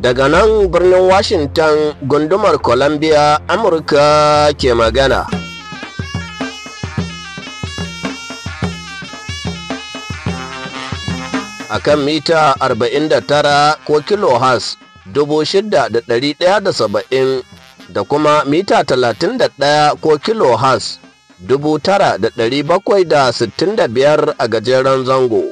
daga nan birnin washington gundumar columbia amurka ke magana a kan mita 49 ko kilohas 6,170 da kuma mita 31 ko kilohas 9,765 a gajeren zango.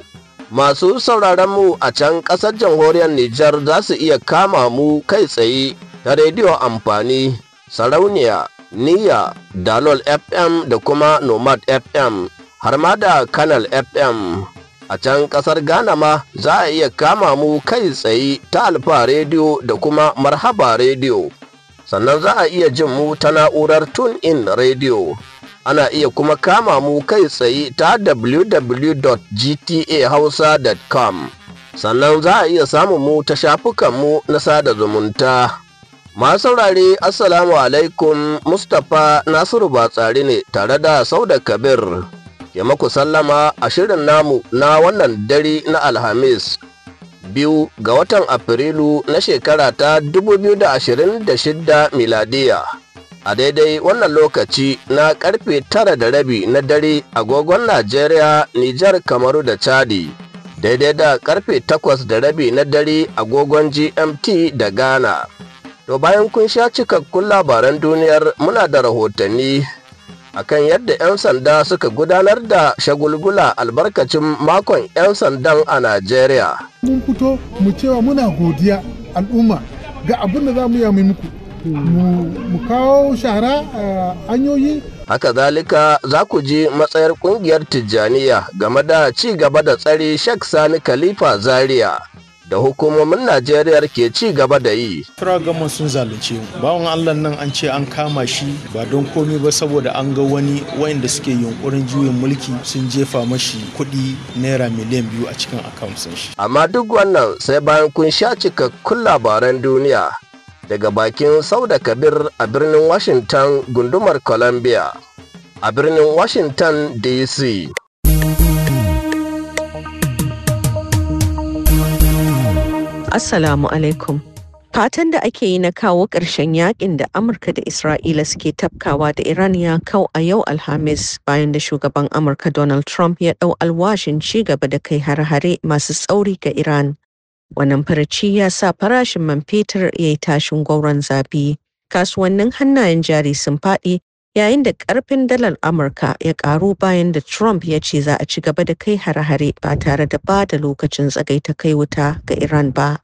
Masu sauraron mu a can ƙasar jamhuriyar Nijar za su iya kama mu kai tsaye ta rediyo amfani, sarauniya, niya dalol FM da kuma nomad FM, har ma da kanal FM. A can ƙasar Ghana ma za a iya kama mu kai tsaye ta Alfa rediyo da kuma Marhaba rediyo. Sannan za a iya jin mu ta na'urar Tune In rediyo. ana iya kuma kama mu kai tsaye ta www.gtahausa.com sannan za a iya samun mu ta shafukan mu na sada zumunta. Masu saurare Assalamu alaikum Mustapha Nasiru Batsari ne tare da Sauda Kabir. Ke maku sallama a shirin namu na wannan dare na Alhamis. Biyu ga watan Afrilu na shekara ta 2026 miladiya. a daidai wannan lokaci na karfe tara da rabi na dare agogon Najeriya, Nijar, Kamaru da Chadi. Daidai da karfe takwas da rabi na dare agogon GMT da Ghana. To bayan kun sha cikakkun labaran duniyar muna da rahotanni akan yadda 'yan sanda suka gudanar da shagulgula albarkacin makon 'yan sandan a Najeriya. Mun fito mu cewa muna godiya al'umma ga abin da za mu yi muku. hanyoyi haka zalika za ku ji matsayar kungiyar tijjaniya game da ci gaba da tsari shek sani khalifa zaria da hukumomin Najeriya ke ci gaba da yi. gama sun zalunce mu. wani Allah nan an ce an kama shi ba don komi ba saboda an ga wani wayanda suke yunkurin juyin mulki sun jefa mashi kuɗi naira miliyan biyu a cikin akamsin shi. Amma duk wannan sai bayan kun sha cikakkun labaran duniya daga bakin Sauda Kabir a birnin Washington gundumar Columbia a birnin Washington DC. Assalamu alaikum. Fatan da ake yi na kawo ƙarshen yakin da Amurka da Isra'ila suke tafkawa da Iran ya kau a yau Alhamis bayan da shugaban Amurka Donald Trump ya ɗau alwashin ci gaba da kai har-hare masu tsauri ga Iran. Wannan farci ya sa farashin man fetur ya yi tashin gwauron zafi. Kasuwannin hannayen jari sun faɗi yayin da ƙarfin dalar Amurka ya ƙaru bayan da Trump ya ce za a ci gaba da kai hare-hare ba tare da ba da lokacin tsagaita kai wuta ga Iran ba.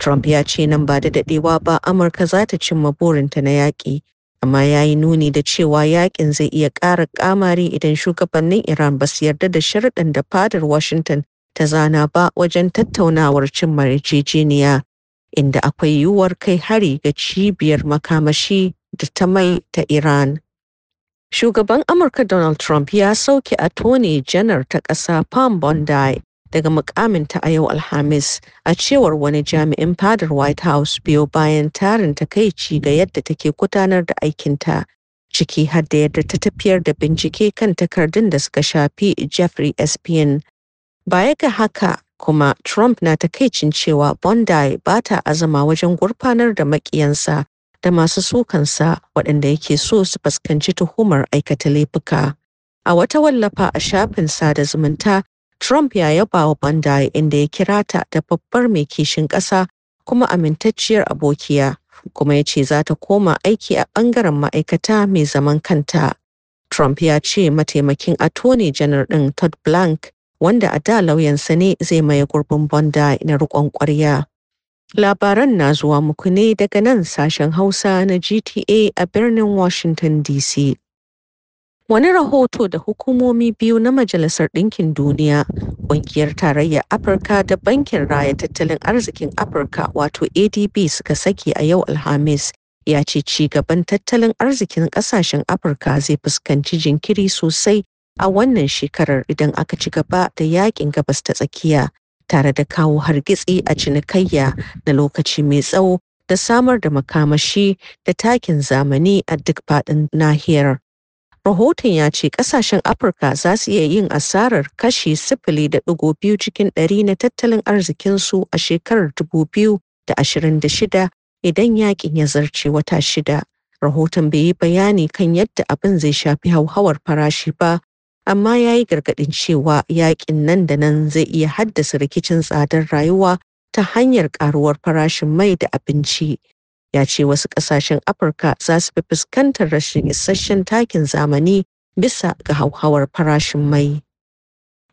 Trump ya ce nan ba da daɗewa ba Amurka za ta cimma burinta na yaƙi, amma ya yi nuni da cewa yaƙin zai iya ƙara ƙamari idan shugabannin Iran ba su yarda da sharuɗan da fadar Washington ta zana ba wajen tattaunawar cin yarjejeniya inda akwai yiwuwar kai hari ga cibiyar makamashi da ta mai ta Iran. Shugaban Amurka Donald Trump ya sauke a Tony janar ta ƙasa Pam Bondi daga mukaminta a yau Alhamis a cewar wani jami'in fadar White House biyo bayan tarin takaici ga yadda take gudanar da aikinta ciki har da yadda ta tafiyar da bincike kan takardun da suka shafi Jeffrey Espin Baya ga haka kuma Trump na takaicin cewa Bondi ba ta azama wajen gurfanar da makiyansa da masu sukansa waɗanda yake so su fuskanci tuhumar aikata laifuka. A wata wallafa a shafin sada zumunta, Trump ya yaba wa Bondi inda ya kira ta da babbar mai kishin ƙasa kuma amintacciyar abokiya, kuma ya ce za ta koma aiki a ɓangaren ma'aikata mai zaman kanta. Trump ya ce mataimakin attorney janar ɗin Todd Blank wanda a da lauyansa ne zai maye gurbin bonda na riƙon ƙwarya. Labaran na zuwa muku ne daga nan sashen Hausa na GTA a birnin Washington DC. Wani rahoto da hukumomi biyu na Majalisar Ɗinkin Duniya, Ƙungiyar Tarayyar Afirka da Bankin Raya Tattalin Arzikin Afirka wato ADB suka saki a yau Alhamis ya ce ci gaban tattalin arzikin ƙasashen Afirka zai fuskanci jinkiri sosai a wannan shekarar idan aka ci gaba da yakin gabas ta tsakiya tare da kawo hargitsi a cinikayya na lokaci mai tsawo da samar da makamashi da takin zamani a duk faɗin nahiyar. Rahoton ya ce ƙasashen Afirka za su iya yin asarar kashi sifili da ɗigo biyu cikin ɗari na tattalin arzikinsu a shekarar dubu biyu da ashirin da shida idan yaƙin ya zarce wata shida. Rahoton bai yi bayani kan yadda abin zai shafi hauhawar farashi ba amma ya yi gargaɗin cewa yaƙin nan da nan zai iya haddasa rikicin tsadar rayuwa ta hanyar ƙaruwar farashin mai da abinci. Ya ce wasu ƙasashen Afirka za su fi fuskantar rashin isasshen takin zamani bisa ga hauhawar farashin mai.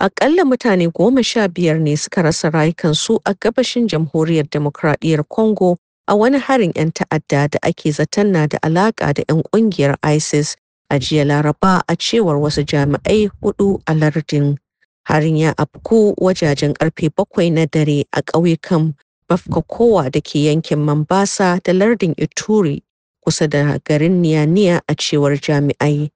Aƙalla mutane goma sha biyar ne suka rasa rayukansu a gabashin jamhuriyar demokradiyyar Congo a wani harin 'yan ta'adda da ake zaton na da alaƙa da 'yan ƙungiyar ISIS a jiya laraba a cewar wasu jami'ai hudu a lardin harin ya afku wajajen karfe bakwai na dare a ƙauyukan bafkakowa da ke yankin mambasa da lardin ituri kusa da garin niyaniya a cewar jami'ai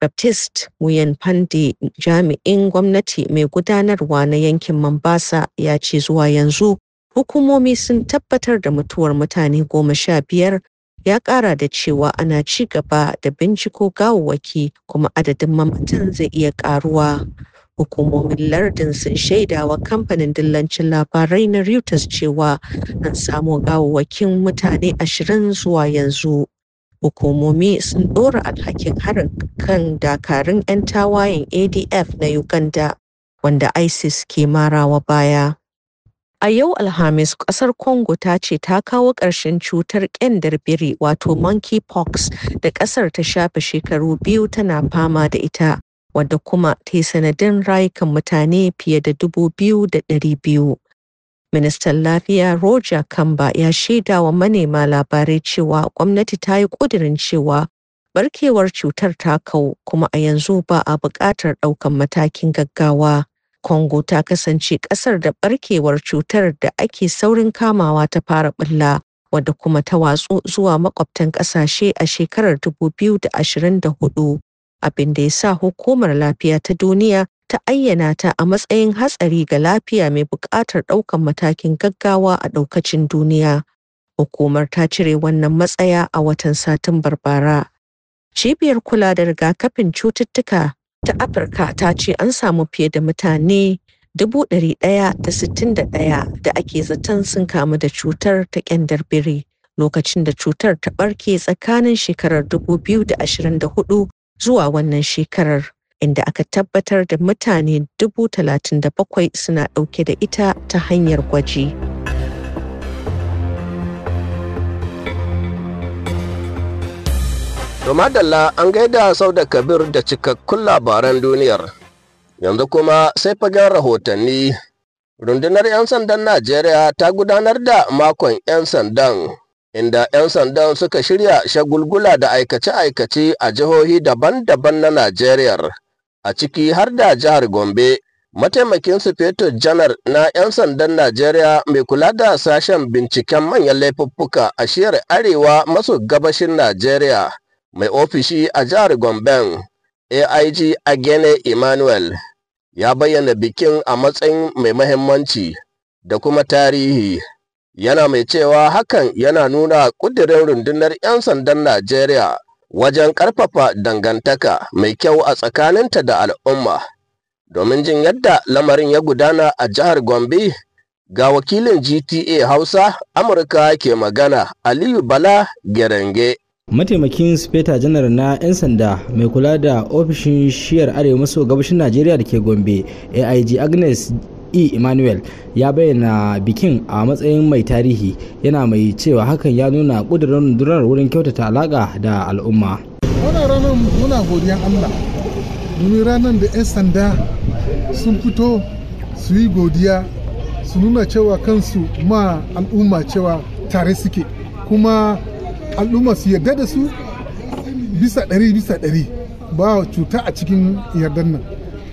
baptist wuyan pandi jami'in gwamnati mai gudanarwa na yankin mambasa ya ce zuwa yanzu hukumomi sun tabbatar da mutuwar mutane goma sha biyar ya ƙara da cewa ana ci gaba da binciko gawawwaki kuma adadin mamatan zai iya ƙaruwa. Hukumomin lardin sun wa kamfanin dillancin labarai na Reuters cewa an samo gawawwakin mutane ashirin zuwa yanzu. Hukumomi sun ɗora alhakin harin kan dakarun 'yan tawayen ADF na Uganda wanda ISIS ke marawa baya. A yau Alhamis, ƙasar Congo ta ce ta kawo ƙarshen cutar ƙyandar biri wato monkeypox da ƙasar ta shafe shekaru biyu tana fama da ita, wadda kuma ta yi sanadin rayukan mutane fiye da dubu biyu da ɗari biyu. Ministan Lafiya Roger Kamba ya shaida wa manema labarai cewa gwamnati ta yi ƙudurin cewa barkewar cutar ta kau kuma a yanzu ba a buƙatar ɗaukan matakin gaggawa. Congo ta kasance ƙasar da ɓarkewar cutar da ake saurin kamawa ta fara ɓulla, wadda kuma ta watsu zuwa makwabtan ƙasashe a shekarar 2024, abin da ya sa Hukumar Lafiya ta Duniya ta ayyana ta a matsayin hatsari ga lafiya mai buƙatar ɗaukan matakin gaggawa a ɗaukacin duniya. Hukumar ta cire wannan matsaya a watan Satumbar bara. Cibiyar kula da rigakafin cututtuka ta Afirka ta ce an samu fiye da mutane ɗaya da ake zaton sun kamu da cutar ta ƙyandar biri lokacin da cutar ta ɓarke tsakanin shekarar 2024 zuwa wannan shekarar, inda aka tabbatar da mutane 37,000 suna ɗauke da ita ta hanyar gwaji. To an gaida sau da kabir da cikakkun labaran duniyar. Yanzu kuma sai fagen rahotanni. Rundunar 'yan sandan Najeriya ta gudanar da makon 'yan sandan, inda 'yan sandan suka shirya shagulgula da aikace-aikace a jihohi daban-daban na Najeriya, a ciki har da jihar Gombe. Mataimakin Sufeto Janar na 'yan sandan Najeriya mai kula da sashen binciken manyan laifuffuka a shiyar Arewa maso gabashin Najeriya. mai ofishi a jihar Gomben AIG Agene Emmanuel ya bayyana bikin a matsayin mai mahimmanci da kuma tarihi yana mai cewa hakan yana nuna ƙudirin rundunar 'yan sandan Najeriya wajen ƙarfafa dangantaka mai kyau a tsakaninta da al'umma. Domin jin yadda lamarin ya gudana a jihar Gombe, ga wakilin GTA Hausa Amurka ke magana Aliyu Bala Gerenge. mataimakin speta janar na 'yan sanda mai kula da ofishin shiyar arewa maso gabashin najeriya da ke gombe aig agnes e emmanuel ya bayyana bikin a matsayin mai tarihi yana mai cewa hakan ya nuna ƙudurin durar wurin kyautata alaƙa da al'umma wannan muna godiyan allah domin ranar da 'yan sanda sun fito su yi godiya su nuna cewa kansu ma al'umma cewa tare suke kuma al'umma su yarda da su bisa ɗari bisa ɗari ba cuta a cikin yardar nan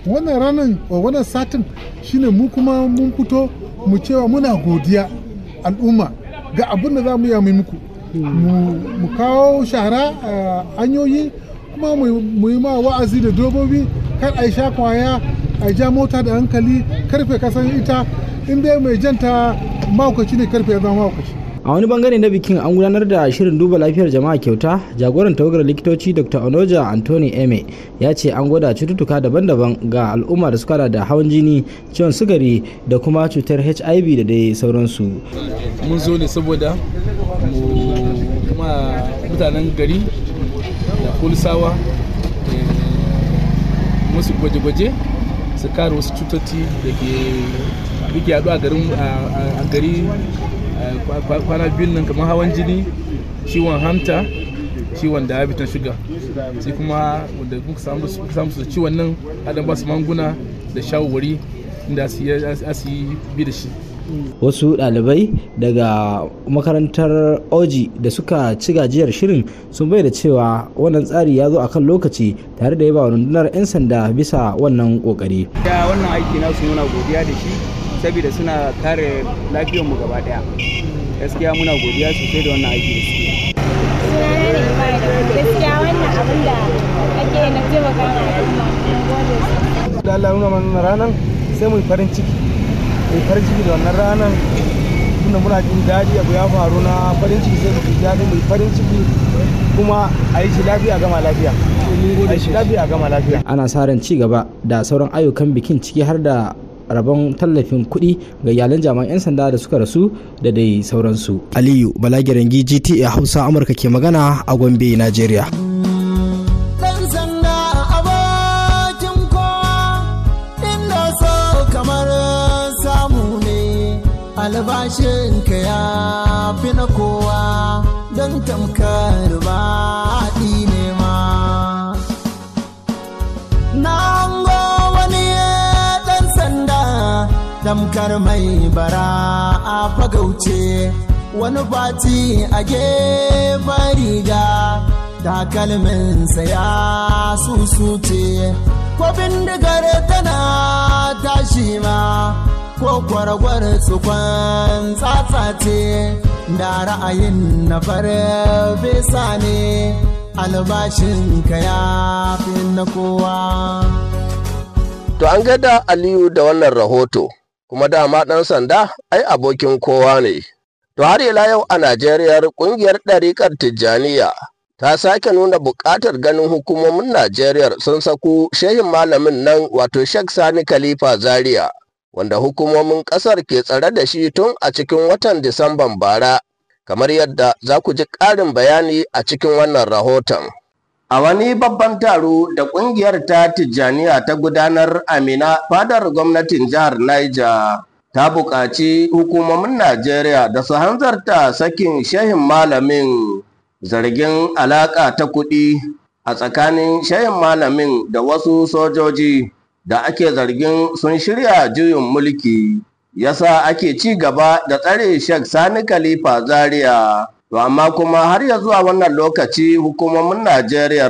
wannan ranar wannan satin shine mu kuma mun fito mu cewa muna godiya al'umma ga abin da za mu yi muku mu kawo shara a hanyoyi kuma mu yi ma wa'azi da dobobi kar a yi sha kwaya a ja mota da hankali karfe kasan ita in mai janta makwaci ne karfe ya zama makwaci a wani bangare na bikin an gudanar da shirin duba lafiyar jama'a kyauta jagoran tawagar likitoci dr onoja anthony eme ya ce an gwada cututtuka daban-daban ga al'umma da suka da hawan jini ciwon sukari da kuma cutar hiv da dai sauransu mun zo ne saboda mutanen gari da kulsawa eh, musu gwaje-gwaje su kare wasu cutoci da ke a gari kwana biyun nan kamar hawan jini ciwon hanta ciwon diabetes na shuga sai kuma wanda kuka samu su ciwon nan adam ba su manguna da shawarwari inda su yi bi da shi wasu ɗalibai daga makarantar oji da suka ci gajiyar shirin sun bai da cewa wannan tsari ya zo a kan lokaci tare da yaba rundunar 'yan sanda bisa wannan kokari. wannan aiki na su nuna godiya da shi saboda suna kare lafiyarmu gaba daya gaskiya muna godiya sosai da wannan aiki da gaskiya wannan abin da ake na Allah nuna mana ranar sai mu farin ciki mu farin ciki da wannan ranar tunda muna jin daɗi abu ya faru na farin ciki sai mu daɗi mu farin ciki kuma a yi shi lafiya gama lafiya a yi shi lafiya gama lafiya ana sa ran ci gaba da sauran ayyukan bikin ciki har da rabon tallafin kuɗi ga iyalan jami'an 'yan sanda da suka rasu da dai sauransu aliyu balagirangi gta hausa amurka ke magana a gombe nigeria albashin ka ya fi na kowa don tamkar tamkar mai bara a fagauce wani fati a gefen riga takalminsa ya susuce ko bindigar tana tashi ma ko kwaragwar tsufan tsatsa ce da ra'ayin na fara farfesa ne ka ya fi na kowa. To an gada Aliyu da wannan rahoto. kuma dama ɗan sanda ai abokin kowa ne. To har ila yau a Najeriya ƙungiyar ɗariƙar Tijjaniya ta sake nuna buƙatar ganin hukumomin Najeriya sun saku shehin malamin nan wato Sheikh Sani Khalifa Zaria wanda hukumomin ƙasar ke tsare da shi tun a cikin watan Disamban bara kamar yadda za ku ji ƙarin bayani a cikin wannan rahoton. A wani babban taro da ƙungiyar ta Tijjaniya ta gudanar Amina fadar gwamnatin jihar Niger ta buƙaci hukumomin Najeriya da su hanzarta sakin shehin malamin zargin alaƙa ta kuɗi a tsakanin shehin malamin da wasu sojoji da ake zargin sun shirya juyin mulki yasa ake ci gaba da tsare Sheikh Sani Khalifa Zaria. To amma kuma har ya zuwa wannan lokaci hukumomin Najeriya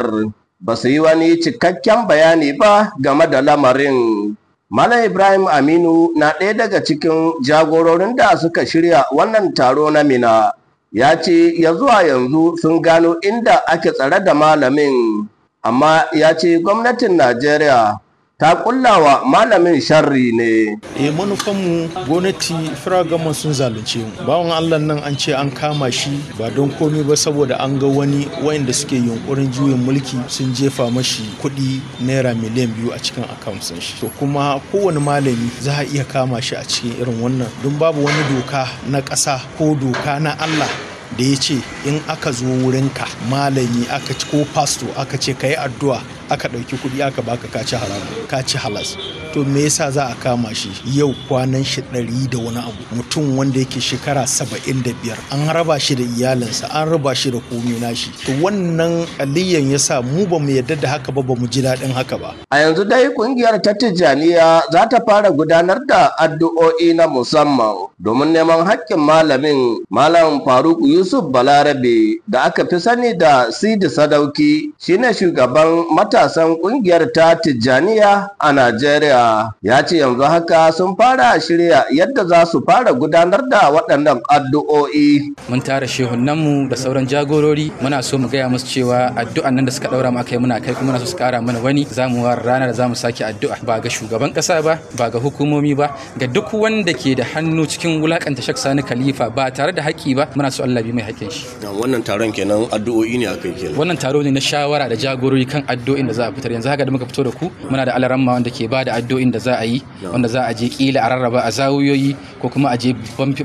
ba su yi wani cikakken bayani ba game da lamarin. Malam Ibrahim Aminu na ɗaya daga cikin jagororin da suka shirya wannan taro na Mina. Ya ce ya zuwa yanzu sun gano inda ake tsare da malamin, amma ya ce gwamnatin Najeriya ta kullawa malamin sharri ne. E manufanmu gwamnati firagaman sun zalunce mu. Bawan Allah nan an ce an kama shi ba don komai ba saboda an ga wani wayanda suke yunkurin juyin mulki sun jefa mashi kuɗi naira miliyan biyu a cikin akamsin shi. To kuma kowane malami za a iya kama shi a cikin irin wannan don babu wani doka na ƙasa ko doka na Allah da ya ce in aka zo wurinka malami aka ko pasto aka ce ka yi addu'a aka ɗauki kuɗi aka baka kaci haram kaci halas to me yasa za a kama shi yau kwanan shi ɗari da wani abu mutum wanda yake shekara saba'in da biyar an raba shi da iyalinsa an raba shi da komai nashi to wannan aliyan yasa mu ba mu yadda da haka ba ba mu ji daɗin haka ba. a yanzu dai kungiyar ta tijjaniya za ta fara gudanar da addu'o'i na musamman domin neman hakkin malamin malam faruk yusuf balarabe da aka fi sani da sidi sadauki shine shugaban mata matasan kungiyar ta Tijjaniya a Najeriya ya ce yanzu haka sun fara shirya yadda za su fara gudanar da waɗannan addu'o'i. Mun tara shehunanmu da sauran jagorori muna so mu gaya musu cewa addu'an nan da suka ɗaura maka muna kai kuma su ƙara mana wani za mu wara rana da za mu sake addu'a ba ga shugaban ƙasa ba ba ga hukumomi ba ga duk wanda ke da hannu cikin wulakanta shak sani khalifa ba tare da haƙƙi ba muna so Allah bi mai haƙƙin shi. Wannan taron kenan addu'o'i ne kai kenan. Wannan taro ne na shawara da jagorori kan addu'o'in da za a fitar yanzu haka da muka fito da ku muna da alaramma wanda ke bada addu'o'in da za a yi wanda za a je kila a rarraba a zawuyoyi ko kuma a je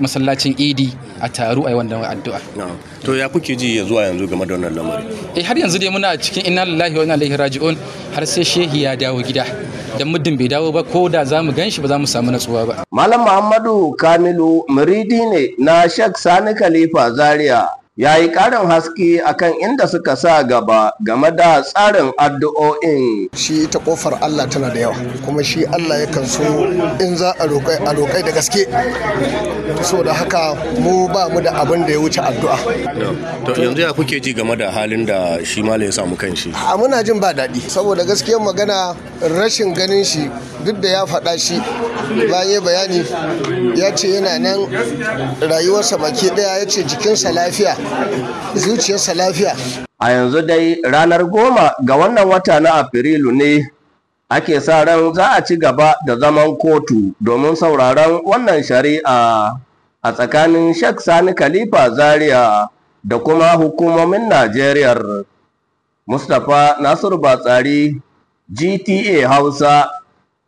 masallacin idi a taru a yi wannan addu'a to ya kuke ji ya zuwa yanzu game da wannan lamari eh har yanzu dai muna cikin inna lillahi wa inna ilaihi raji'un har sai shehi ya dawo gida dan muddin bai dawo ba ko da za mu ganshi ba za mu samu natsuwa ba malam muhammadu kamilu muridi ne na shak sani khalifa zaria ya yi ƙarin haske akan inda suka sa gaba game da tsarin addu'o'in. Shi ta ƙofar Allah tana da yawa, kuma shi Allah kan so in za a roƙai a roƙai da gaske. So da haka mu ba mu da abin da ya wuce addu'a. To yanzu ya kuke ji game da halin da shi ya samu kanshi? A muna jin ba daɗi, saboda gaskiyar magana rashin ganin shi duk da ya faɗa shi bayan bayani ya ce yana nan rayuwarsa baki ɗaya ya ce jikinsa lafiya zuciyarsa lafiya a yanzu dai ranar goma ga wannan wata na afrilu ne ake sa ran za a ci gaba da zaman kotu domin sauraron wannan shari'a a tsakanin Sheikh Sani Khalifa Zaria da kuma hukumomin Najeriya. Mustapha Nasiru Batsari GTA Hausa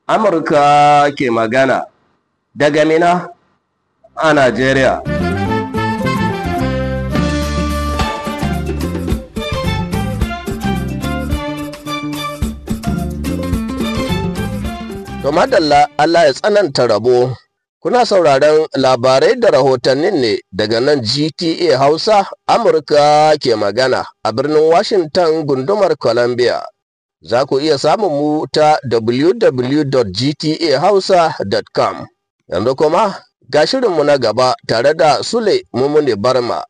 Amurka ke magana daga Mina a Najeriya. To madalla Allah ya tsananta rabo. Kuna sauraron labarai da rahotannin ne daga nan GTA Hausa Amurka ke magana a birnin Washington gundumar Columbia. Za ku iya samun mu ta www.gtahausa.com. Yanzu kuma ga shirinmu na gaba tare da Sule Mumuni Barma.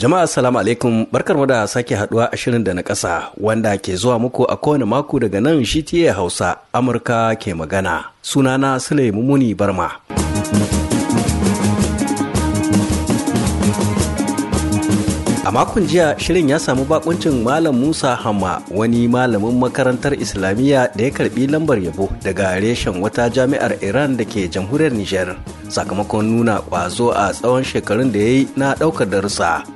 Jama'a salamu alaikum barkarmu da sake haduwa a shirin da na ƙasa wanda ke zuwa muku a kowane mako daga nan shitiye Hausa Amurka ke magana. Sunana Sule Mumuni Barma. A makon jiya shirin ya samu bakuncin Malam Musa Hamma wani malamin makarantar Islamiyya da ya karbi lambar yabo daga reshen wata jami'ar Iran da ke jamhuriyar Nijar sakamakon nuna kwazo a tsawon shekarun da ya yi na ɗaukar darussa.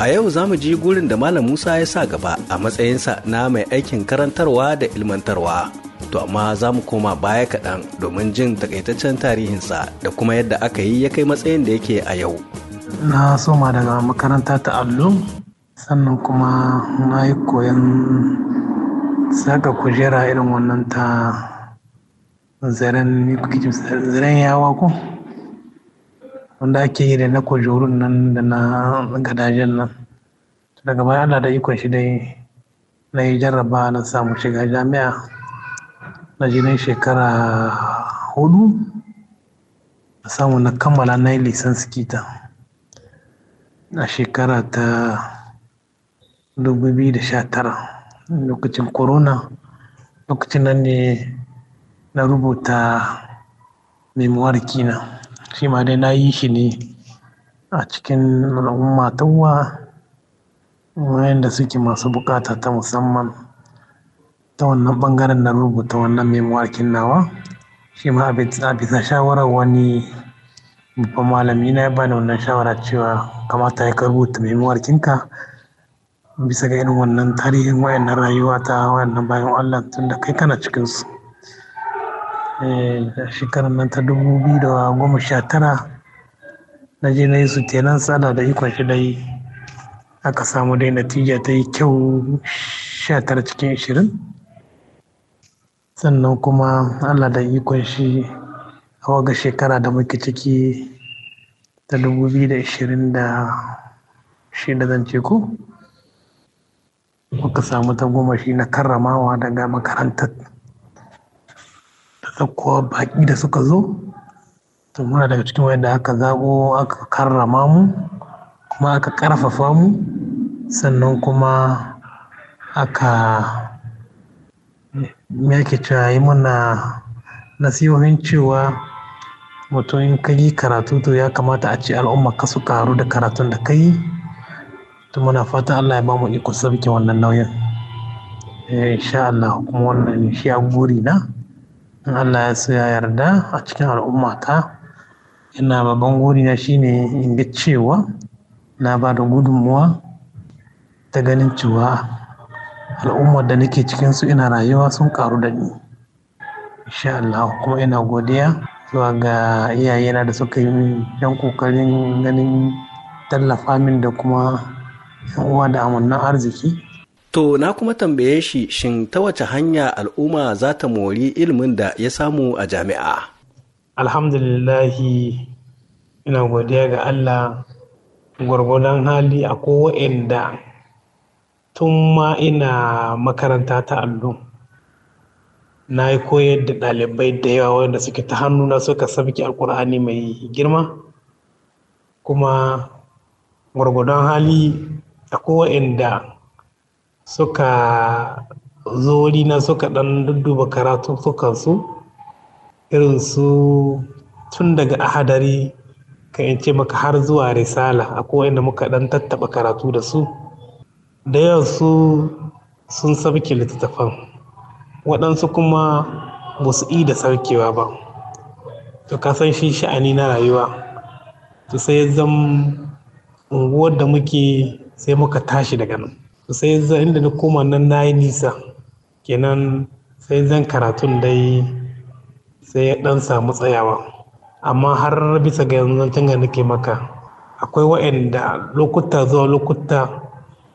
A yau za mu ji gurin da Malam Musa ya sa gaba a matsayinsa na mai aikin karantarwa da ilmantarwa. To amma za mu koma baya kaɗan domin jin takaitaccen tarihinsa da kuma yadda aka yi ya kai matsayin da yake a yau. Na soma daga makaranta ta allo, sannan kuma na yi koyon saka kujera irin wannan ta zaren yawa ko? wanda ake yi da na kojorun nan da na gadajen nan daga baya ana da ikon shi dai na yi jarraba na samu shiga jami'a na jinin shekara hudu na samu na kammala na yi lisansi kita a shekara ta 2019 lokacin corona lokacin nan ne na rubuta memoir kina. shi ma dai na yi shi ne a cikin al'umma tawwa wayanda suke masu bukata ta musamman ta wannan bangaren na rubuta wannan memoir nawa shi ma a bisa shawarar wani babban malami na ya bani wannan shawara cewa kamata ya rubuta memoir kinka bisa ga irin wannan tarihin wayannan rayuwa ta wayannan bayan allah tun da kai kana cikinsu Eh, shekarar nan ta dubu biyu da goma sha tara na je na yi su tenan da ikon shi dai aka samu dai natija ta yi kyau sha tara cikin ashirin sannan kuma allah da ikon shi a waga shekara da muke ciki ta dubu biyu da ashirin da shi da zance ko muka samu ta goma shi na karramawa daga makarantar ɗaukowa baƙi da suka zo to muna daga cikin wanda aka zaɓo aka karrama mu kuma aka ƙarfafa mu sannan kuma aka yake cewa yi muna nasihohin cewa mutumin ka karatu to ya kamata a ce al'umma ka su karu da karatun da ka yi to muna fata Allah ya ba mu iko sabke wannan nauyin eh, insha Allah kuma wannan shi a guri na in Allah ya tsaya yarda a cikin al'ummata ina babban na shine in ga cewa na ba da gudunmuwa ta ganin cewa al'ummar da nake cikinsu ina rayuwa sun karu da ni insha Allah kuma ina godiya zuwa ga iyayena da suka yi yan kokarin ganin tallafa min da kuma yan uwa da amannan arziki To na kuma tambaye shi shin ta wace hanya al'umma za ta mori ilimin da ya samu a jami'a? Alhamdulillahi ina godiya ga Allah gwargwadon hali a kowa'inda tun ma ina makaranta ta allo. Na yi koyar da ɗalibai da yawa wanda suke ta hannuna suka sabki alkur'ani mai girma kuma gwargwadon hali a kowa'inda suka zo na suka ɗan dudduba karatu su irin su tun daga ahadari kan in maka har zuwa risala kowai da muka ɗan tattaɓa karatu da su da yawan su sun sabke littattafan waɗansu kuma ba su da sarkewa ba to ka san shi sha'ani na rayuwa to sai zan zama unguwar da muke sai muka tashi daga nan sai inda na koma nan na yi nisa kenan sai zan karatun dai sai ya dan samu tsayawa amma har bisa ga yanzu tun ga nake maka akwai wa'anda lokuta zuwa lokuta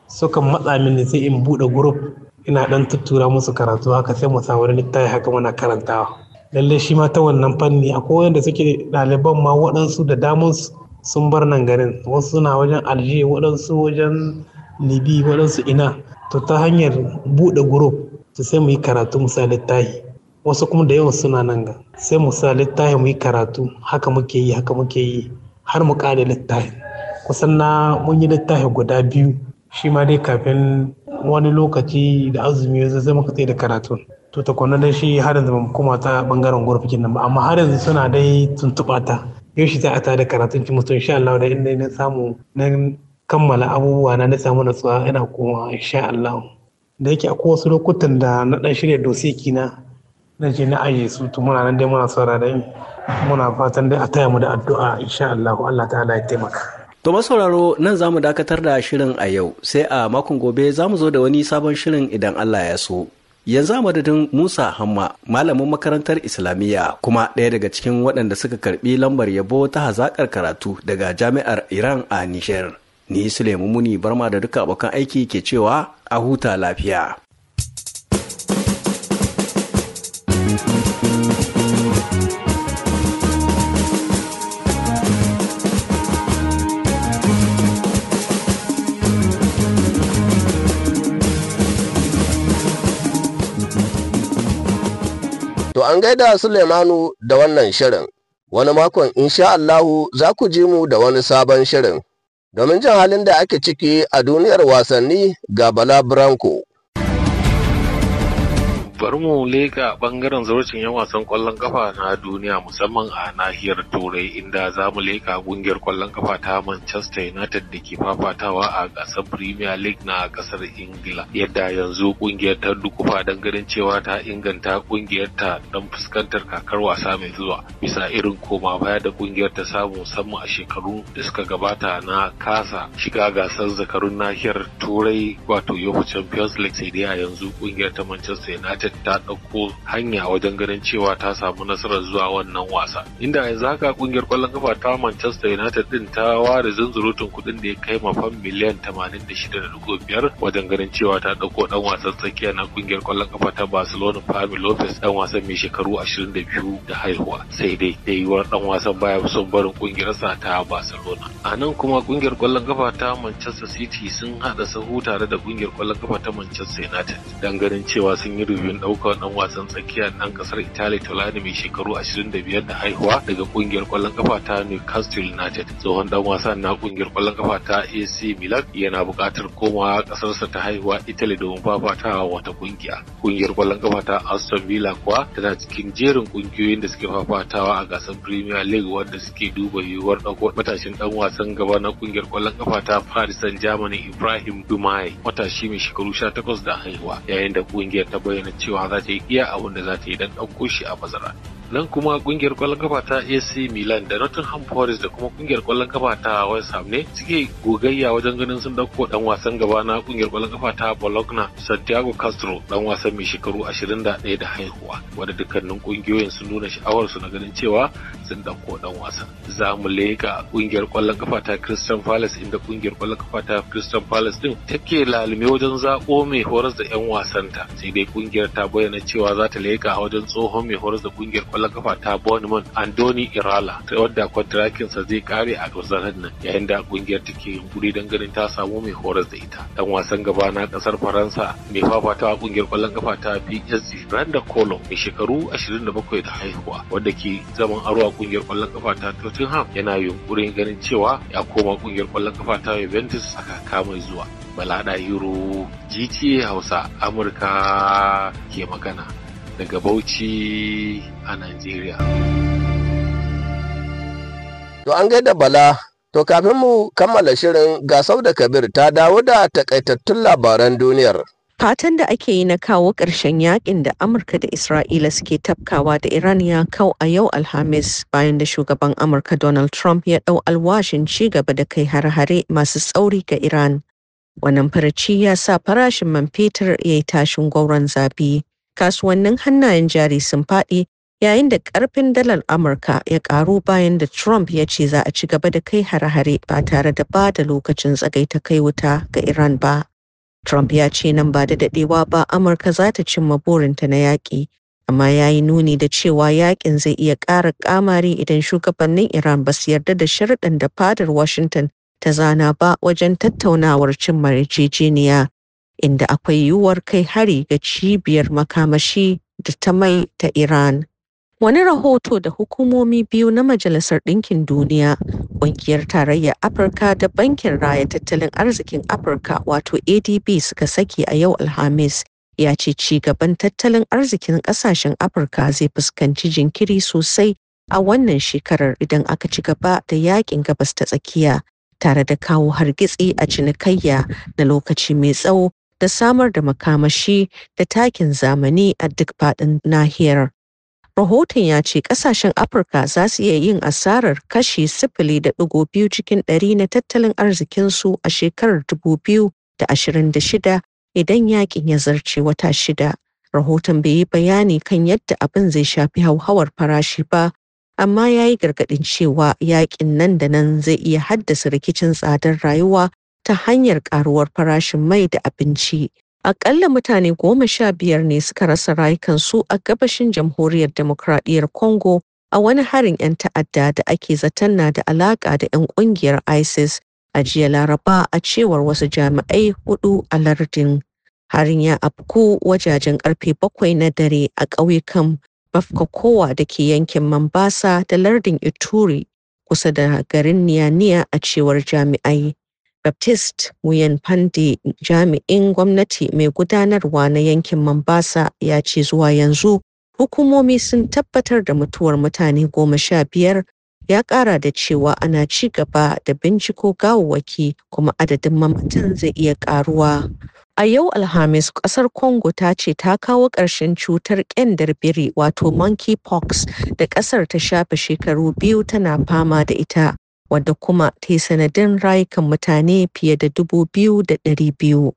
suka matsa mini sai in buɗe gurup ina dan tuttura musu karatu haka sai mu samu littafi haka muna karantawa lallai shi ma ta wannan fanni akwai wanda suke ɗaliban ma waɗansu da damansu sun bar nan garin wasu na wajen alje waɗansu wajen libi waɗansu ina to ta hanyar buɗe group to sai mu yi karatu mu sa littahi wasu kuma da yawan suna nan ga sai mu sa littahi mu yi karatu haka muke yi haka muke yi har mu ƙare littahi kusan na mun yi littahi guda biyu shi ma dai kafin wani lokaci da azumi ya zai muka tsaye da karatu to ta kwanan dai shi har yanzu mu koma ta bangaren gurfikin nan ba amma har yanzu suna dai tuntuɓa ta yau shi za a karatun ki mutum insha Allah da inda na samu na kammala abubuwa na na samu natsuwa ina koma insha Allah da yake akwai wasu lokutan da na dan shirya dosikina. na na je na aje su to muna nan dai muna saurare muna fatan dai a taya mu da addu'a insha Allah Allah ta'ala ya taimaka To masauraro nan za mu dakatar da shirin a yau sai a makon gobe za mu zo da wani sabon shirin idan Allah ya so. Yanzu a madadin Musa Hamma malamin makarantar Islamiyya kuma ɗaya daga cikin waɗanda suka karɓi lambar yabo ta hazaƙar karatu daga jami'ar Iran a Nijar. ni Sulaiman Muni Barma da duka abokan aiki ke cewa a huta lafiya. To an gaida Suleimanu da wannan shirin, wani makon insha Allahu za ku ji mu da wani sabon shirin. domin jin halin da ake ciki a duniyar wasanni ga Bala Branko. bari mu leka ɓangaren zaurcin yan wasan kwallon kafa na duniya musamman a nahiyar turai inda za mu leka ƙungiyar kwallon kafa ta manchester united da ke fafatawa a gasar premier league na kasar ingila yadda yanzu kungiyar ta dukufa don ganin cewa ta inganta kungiyar ta don fuskantar kakar wasa mai zuwa bisa irin koma baya da ƙungiyar ta samu musamman a shekaru da suka gabata na kasa shiga gasar zakarun nahiyar turai wato yofa champions league sai dai a yanzu kungiyar ta manchester united united ta ɗauko hanya wajen ganin cewa ta samu nasarar zuwa wannan wasa inda yanzu haka ƙungiyar kwallon kafa ta manchester united din ta ware zunzurutun kuɗin da ya kai ma mafan miliyan 86.5 wajen ganin cewa ta ɗauko ɗan wasan tsakiya na ƙungiyar ƙwallon kafa ta barcelona Pablo lopez ɗan wasan mai shekaru 22 da haihuwa sai dai da yiwuwar ɗan wasan baya son barin kungiyarsa ta barcelona a nan kuma ƙungiyar ƙwallon kafa ta manchester city sun haɗa sahu tare da ƙungiyar ƙwallon kafa ta manchester united dan ganin cewa sun yi rubi gurin daukar ɗan wasan tsakiyar nan kasar Italy Tolani mai shekaru 25 da haihuwa daga kungiyar kwallon kafa ta Newcastle United. Tsohon dan wasan na kungiyar kwallon kafa ta AC Milan yana buƙatar komawa ƙasarsa ta haihuwa Italy domin fafatawa wata kungiya. Kungiyar kwallon kafa ta Aston Villa kuwa tana cikin jerin kungiyoyin da suke fafatawa a gasar Premier League wanda suke duba yiwuwar dauko matashin dan wasan gaba na kungiyar kwallon kafa ta Paris Saint-Germain Ibrahim Dumai matashi mai shekaru 18 da haihuwa yayin da kungiyar ta bayyana cewa za ta yi iya abin da za ta yi don ɗauko shi a bazara nan kuma kungiyar kwallon kafa ta AC Milan da Nottingham Forest da kuma kungiyar kwallon kafa ta West Ham ne suke gogayya wajen ganin sun dauko dan wasan gaba na kungiyar kwallon kafa ta Bologna Santiago Castro dan wasan mai shekaru 21 da haihuwa wanda dukkanin kungiyoyin sun nuna sha'awar su na ganin cewa sun dauko dan wasan za mu leka kungiyar kwallon kafa ta Crystal Palace inda kungiyar kwallon kafa ta Crystal Palace din take lalume wajen zako mai horas da yan wasanta sai dai kungiyar ta bayyana cewa za ta leka wajen tsohon mai horas da kungiyar kwallon kafa ta man Andoni Irala ta wadda sa zai kare a gasarar nan yayin da kungiyar take yunkuri don ganin ta samu mai horar da ita. Dan wasan gaba na kasar Faransa mai fafatawa kungiyar kwallon kafa ta PSG Randa Kolo mai shekaru 27 da haihuwa wadda ke zaman aro a kungiyar kwallon kafa ta Tottenham yana yunkurin ganin cewa ya koma kungiyar kwallon kafa ta Juventus a kaka mai zuwa. Balada yuro GTA Hausa Amurka ke magana. daga Bauchi a Najeriya. To an gaida Bala, to kafin mu kammala shirin gasau da Kabir ta dawo da takaitattun labaran duniyar. Fatan da ake yi na kawo ƙarshen yakin da Amurka da Isra'ila suke tafkawa da Iran ya kau a yau Alhamis bayan da shugaban Amurka Donald Trump ya ɗau alwashin ci gaba da kai har-hare masu tsauri ga Iran. Wannan faraci ya sa farashin man fetur ya yi tashin gwauron zafi. kasuwannin hannayen jari sun faɗi yayin da ƙarfin dalar Amurka ya ƙaru bayan da Trump ya ce za a ci gaba da kai hare-hare ba tare da ba da lokacin tsagaita kai wuta ga Iran ba. Trump ya ce nan ba da daɗewa ba Amurka za ta cimma burinta na yaƙi, amma ya yi nuni da cewa yaƙin zai iya ƙara ƙamari idan shugabannin Iran ba su yarda da sharuɗan da fadar Washington ta zana ba wajen tattaunawar cimma yarjejeniya. inda akwai yiwuwar kai hari ga cibiyar makamashi da ta mai ta Iran. Wani rahoto da hukumomi biyu na Majalisar Ɗinkin Duniya, Ƙungiyar Tarayyar Afirka da Bankin Raya Tattalin Arzikin Afirka wato ADB suka saki a yau Alhamis ya ce ci gaban tattalin arzikin ƙasashen Afirka zai fuskanci jinkiri sosai a wannan shekarar idan aka ci gaba da yaƙin gabas ta tsakiya tare da kawo hargitsi a cinikayya na lokaci mai tsawo da samar da makamashi da takin zamani a duk faɗin nahiyar. Rahoton ya ce ƙasashen Afirka za su iya yin asarar kashi sifili da ɗigo biyu cikin ɗari na tattalin arzikinsu a shekarar dubu biyu da ashirin da shida idan yaƙin ya zarce wata shida. Rahoton bai yi bayani kan yadda abin zai shafi hauhawar farashi ba, amma ya yi gargaɗin cewa yaƙin nan da nan zai iya haddasa rikicin tsadar rayuwa ta hanyar ƙaruwar farashin mai da abinci. Aƙalla mutane goma sha biyar ne suka rasa rayukansu a gabashin jamhuriyar demokradiyyar Congo a wani harin 'yan ta'adda da ake zaton na da alaƙa da 'yan ƙungiyar ISIS a jiya Laraba a cewar wasu jami'ai huɗu a lardin. Harin ya afku wajajen ƙarfe bakwai na dare a ƙauyukan Bafkakowa da ke yankin Mambasa da lardin Ituri kusa da garin Niyaniya a cewar jami'ai. Baptist Pandi, jami'in gwamnati mai gudanarwa na yankin Mombasa ya ce zuwa yanzu hukumomi sun tabbatar da mutuwar mutane goma sha biyar ya kara da cewa ana ci gaba da binciko gawawwaki kuma adadin mamatan zai iya karuwa. A yau Alhamis ƙasar Congo ta ce ta kawo ƙarshen cutar ƙyandar biri wato monkeypox da ƙasar ta shafe shekaru biyu tana fama da ita. wadda kuma ta yi sanadin rayukan mutane fiye da dubu biyu da ɗari biyu.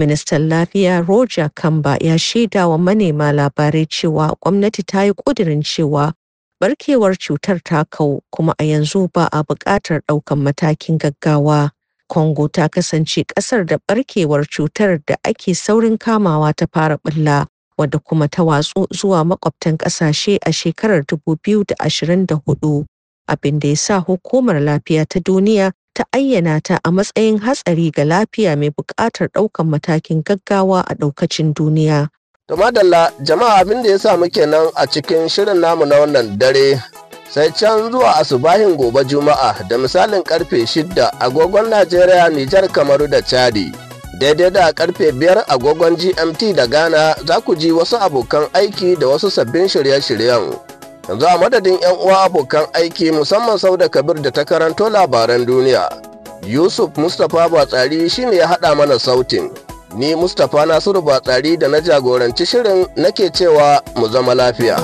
Ministan Lafiya Roger Kamba ya shaida wa manema labarai cewa gwamnati ta yi ƙudurin cewa barkewar cutar ta kau kuma a yanzu ba a buƙatar ɗaukan matakin gaggawa. Congo ta kasance ƙasar da barkewar cutar da ake saurin kamawa ta fara ɓulla wadda kuma ta watsu zuwa makwabtan ƙasashe a shekarar da da ashirin 2024 abin da ya sa hukumar lafiya ta duniya ta ayyana ta a matsayin hatsari ga lafiya mai buƙatar ɗaukar matakin gaggawa a ɗaukacin duniya. To madalla jama'a abin da ya sa muke nan a cikin shirin namu na wannan dare sai can zuwa asubahin gobe juma'a da misalin karfe shidda agogon Najeriya, Nijar, Kamaru da Chadi. Daidai da karfe biyar agogon GMT da Ghana za ku ji wasu abokan aiki da wasu sabbin shirye-shiryen. yanzu a madadin 'yan uwa abokan aiki musamman sau da kabir da ta karanto labaran duniya yusuf mustapha batsari shine ya haɗa mana sautin ni mustapha nasiru batsari da na jagoranci shirin nake cewa mu zama lafiya.